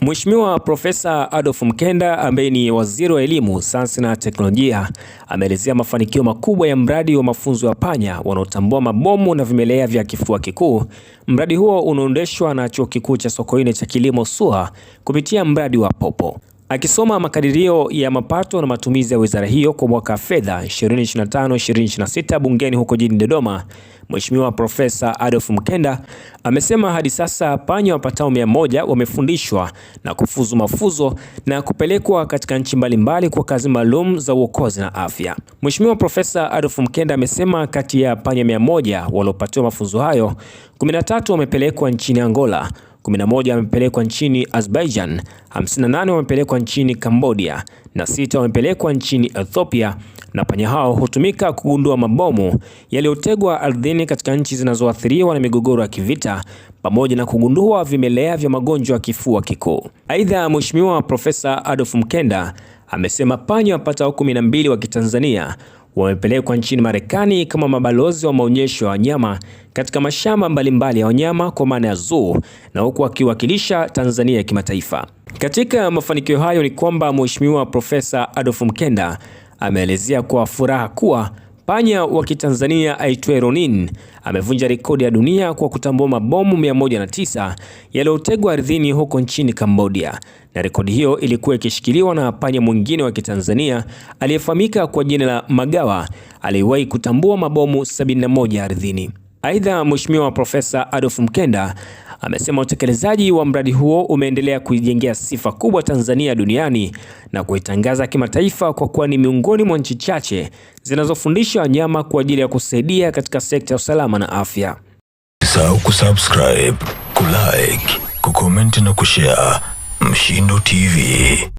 Mheshimiwa Profesa Adolf Mkenda ambaye ni Waziri wa Elimu, Sayansi na Teknolojia ameelezea mafanikio makubwa ya mradi wa mafunzo ya panya wanaotambua mabomu na vimelea vya kifua kikuu. Mradi huo unaendeshwa na Chuo Kikuu cha Sokoine cha Kilimo SUA kupitia mradi wa Popo. Akisoma makadirio ya mapato na matumizi ya wizara hiyo kwa mwaka wa fedha 2025-2026 bungeni huko jijini Dodoma, Mheshimiwa Profesa Adolf Mkenda amesema hadi sasa panya wapatao mia moja wamefundishwa na kufuzu mafuzo na kupelekwa katika nchi mbalimbali kwa kazi maalum za uokozi na afya. Mheshimiwa Profesa Adolf Mkenda amesema kati ya panya mia moja waliopatiwa mafunzo hayo, 13 wamepelekwa nchini Angola 11 wamepelekwa nchini Azerbaijan, 58 wamepelekwa nchini Cambodia na sita wamepelekwa nchini Ethiopia, na panya hao hutumika kugundua mabomu yaliyotegwa ardhini katika nchi zinazoathiriwa na migogoro ya kivita pamoja na kugundua vimelea vya magonjwa ya kifua kikuu. Aidha, Mheshimiwa Profesa Adolf Mkenda amesema panya wapatao 12 wa Kitanzania wamepelekwa nchini Marekani kama mabalozi wa maonyesho ya wanyama katika mashamba mbalimbali ya wanyama kwa maana ya zoo, na huku akiwakilisha Tanzania kimataifa. Katika mafanikio hayo ni kwamba Mheshimiwa Profesa Adolf Mkenda ameelezea kwa furaha kuwa Panya wa Kitanzania aitwe Ronin amevunja rekodi ya dunia kwa kutambua mabomu 109 yaliyotegwa ardhini huko nchini Cambodia, na rekodi hiyo ilikuwa ikishikiliwa na panya mwingine wa Kitanzania aliyefahamika kwa jina la Magawa aliyewahi kutambua mabomu 71 ardhini. Aidha, Mheshimiwa Profesa Adolf Mkenda amesema utekelezaji wa mradi huo umeendelea kuijengea sifa kubwa Tanzania duniani na kuitangaza kimataifa kwa kuwa ni miongoni mwa nchi chache zinazofundisha wanyama kwa ajili ya kusaidia katika sekta ya usalama na afya. Usisahau kusubscribe, kulike, kucomment na kushare Mshindo TV.